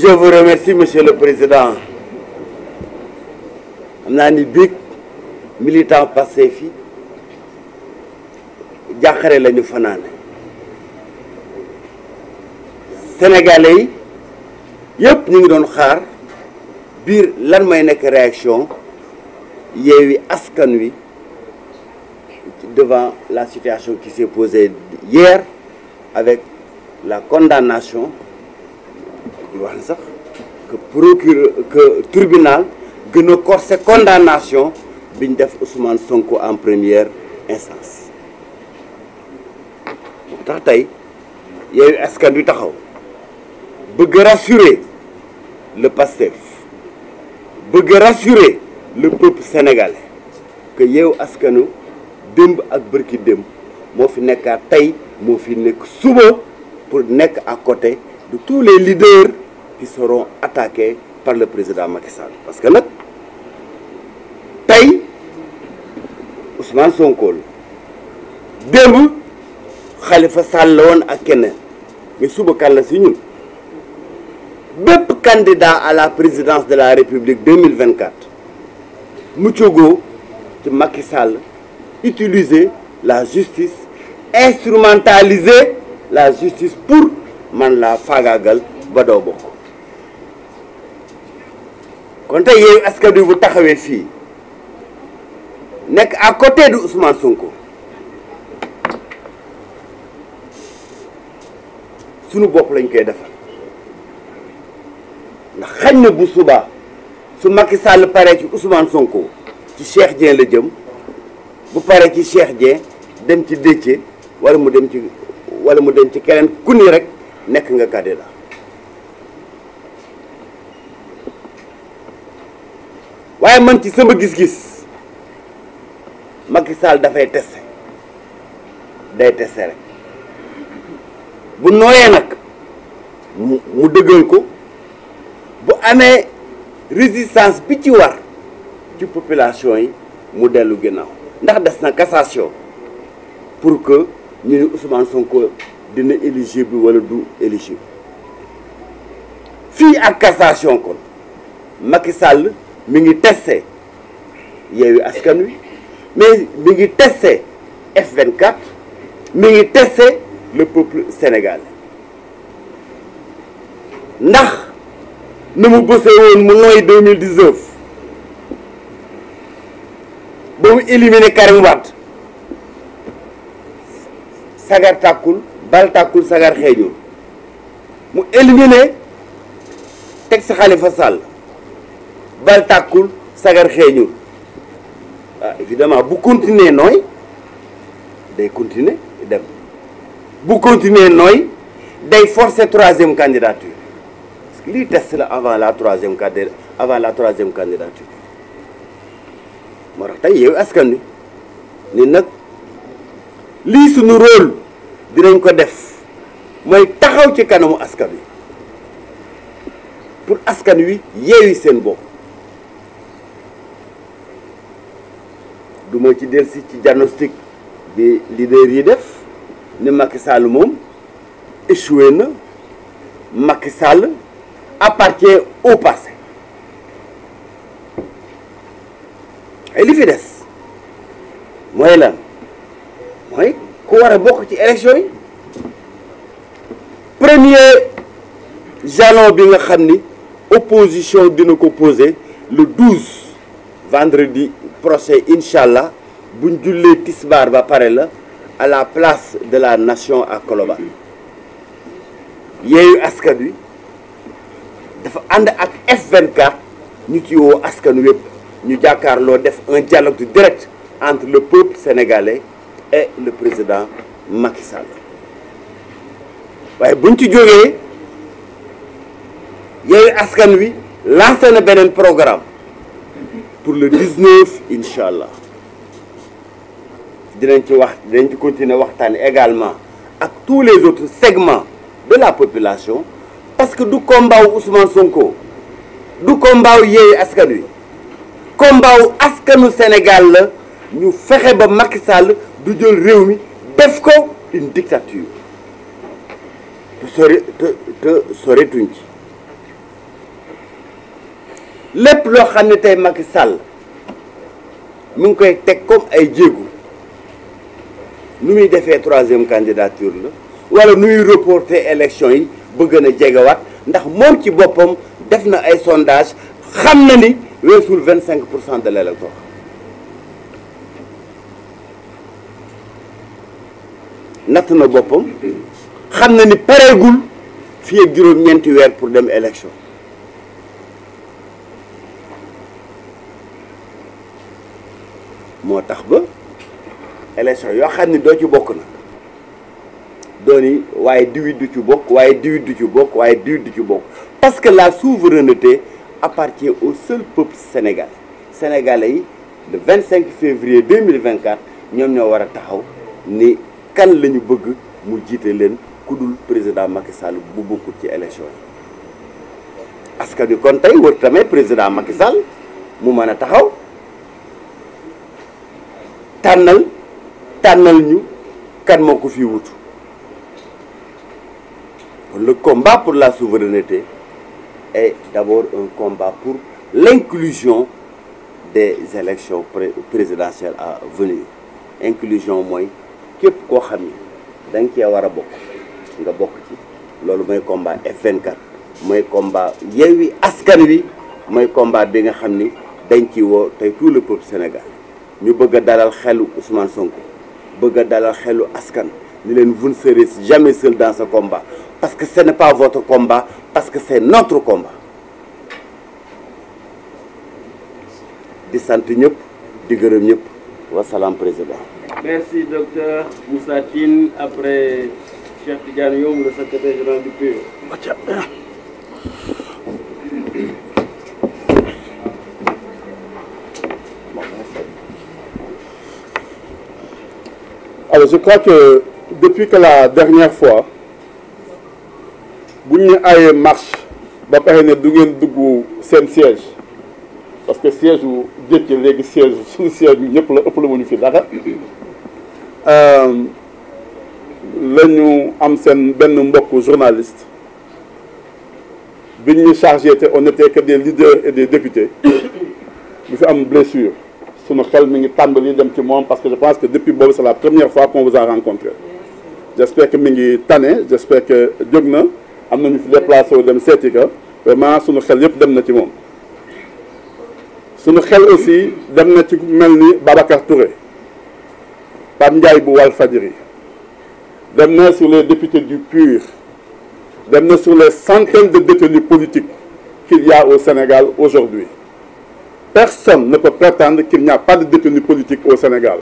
je vous remercie monsieur le président xam naa ni biig militant passé fi jàqare la ñu fanaane sénégalais yi yëpp ñu ngi doon xaar biir lan may nekk réaction Yewwi Askan Wi devant la situation qui s'est posée hier avec la condamnation di wax ni sax que procure que tribunal gën a corsé condamnation biñ def Ousmane Sonko en première instance moo tax tey yooyu askan wi taxaw bëgg rassurer le Pastef bëgg rassurer le peuple sénégalais que yow askanu démb ak bërki démb moo fi nekkaat tey moo fi nekk suba pour nekk à côté de tous les leaders qui seront attaqués par le président Macky Sall parce que nag tey Ousmane son la démb Khalifa Sall la woon ak keneen mais suba kan la si ñun bépp à la présidence de la République 2024 mu cogoo ci Macky Sall utiliser la justice instrumentaliser la justice pour man laa faagaagal ba doo bokk kon te Yewwi Askan Wi bu taxawee fii nekk à côté du Ousmane Sonko sunu bopp lañ koy defal ndax xañ na bu subaa su Macky sàll pare ci Ousmane Sonko ci Cheikh Dieng la jëm bu pare ci Cheikh Dieng dem ci Déthié wala mu dem ci wala mu dem ci keneen ku ni rek. nekk nga candidat waaye man ci sama gis-gis Macky Sall dafay teste day teste rek bu nooyee nag mu dëggal ko bu amee résistance bi ci war ci population yi mu dellu ginnaaw ndax des na cassation pour que ñu ne Ousmane Sonko dina éligible wala du éligible fii ak cassation kon Macky Sall mi ngi testé Yewwi Askan Wi mais mi ngi testé F24 mi ngi testé le peuple sénégalais ndax na mu bësee woon mu nooy 2019 ba mu éliminé Karim sagar tàkkul bal tàkkul sagar xeeñul mu éliminé texte Khalifa Sall bal tàkkul sagar xeeñul ah évidemment bu continuer nooy day continuer dem bu continuer nooy day force troisième candidature parce que lii test la avant la troisième candi avant la troisième candidature moo tax tey yow askan wi ni nag lii suñu rôle dinañ ko def mooy taxaw ci kanamu askan wi pour askan wi yeewi seen bopp du ma ci delsi ci diagnostic bi leader yi def ni Macky Sall moom échoué na Macky Sall appartient au passé ay li fi des mooy lan mooy ku war a bokk ci élection yi premier jalon bi nga xam ni opposition dina ko poser le 12 vendredi prochain incha allah buñ jullee tisbaar ba pare la à la place de la nation à Colobane yeeyu askan wi dafa ànd ak F24 ñu ci woo askan wépp ñu jàkkaarloo def un dialogue direct entre le peuple sénégalais est le président Macky Sall waaye buñ ci jógee Yewwi Askan Wi lancé na beneen programme pour le 19 incha allah dinañ ci wax dinañ ci continuer waxtaan également ak tous les autres segments de la population parce que du combat wu Sonko du combat wu Askan Wi combat wu askanu Sénégal la. ñu fexe ba Macky sàll du jël réew mi def ko une dictature te sore te te soretuñ ci lépp loo xam ne tey Macky Sall mu ngi koy teg comme ay jéegu nu muy defee troisième candidature la wala nu muy reporter élection yi bëgg na jegewaat ndax moom ci boppam def na ay sondage xam na ni weesul vingt cinq pour cent de l' électorat natt na boppam xam na ni pareegul fii ak juróom-ñeenti weer pour dem élection moo tax ba élection yoo xam ni doo ci bokk na dooni waaye diwit du ci bokk waaye diwit du ci bokk waaye diwit du ci bokk parce que la souveraineté appartient au seul peuple sénégalais sénégalais yi le 25 février 2024 ñoom ñoo war a taxaw ni kan la ñu bëgg mu jiite leen ku dul président Macky Sall bu bokkul ci élection yi askan wi kon tey wër tamit président Macky Sall mu mën a taxaw tànnal tànnal ñu kan moo ko fi wutu kon le combat pour la souveraineté est d'abord un combat pour l'inclusion des élections présidentielles à venir inclusion mooy képp koo xam ni dañ nga cee war a bokk nga bokk ci loolu mooy combat F24 mooy combat Yewwi Askan Wi mooy combat bi nga xam ni dañ ci woo tey tout le peuple Sénégal ñu bëgg a dalal xelu Ousmane Sonko bëgg a dalal xelu askan ni leen vous ne serez jamais seul dans ce combat parce que ce n'est pas votre combat parce que c'est notre combat di sant ñëpp di gërëm ñëpp wasalaam président Merci, docteur Moussatine. Après Cheikh Tidiane le secrétaire général du PUR. E. Alors, je crois que depuis que la dernière fois, bu ñu ayee marche ba pare ne du ngeen dugg seen siège parce que siège wu jëkk léegi siège suñu siège bi ñëpp la ëpp fi dara. Euh, la ñu am seen benn mbokk journaliste bi ñuy chargé te on était que des leaders et des députés bu fi am blessure sunu xel mi ngi tàmbali dem ci moom parce que je pense que depuis boobu c'est la première fois qu'on vous a rencontré j'espère que mi ngi tane j'espère que jóg na am nañu fi déplacé wu dem seeti ka vraiment sunu xel yëpp dem na ci moom sunu xel aussi dem na ci mel ni Babacar Touré Pape Ndiaye bu Walfadjri dem na sur les députés du PUR dem na sur les centaines de détenus politiques qu'il y a au Sénégal aujourd'hui personne ne peut prétendre qu'il n'y a pas de détenus politiques au Sénégal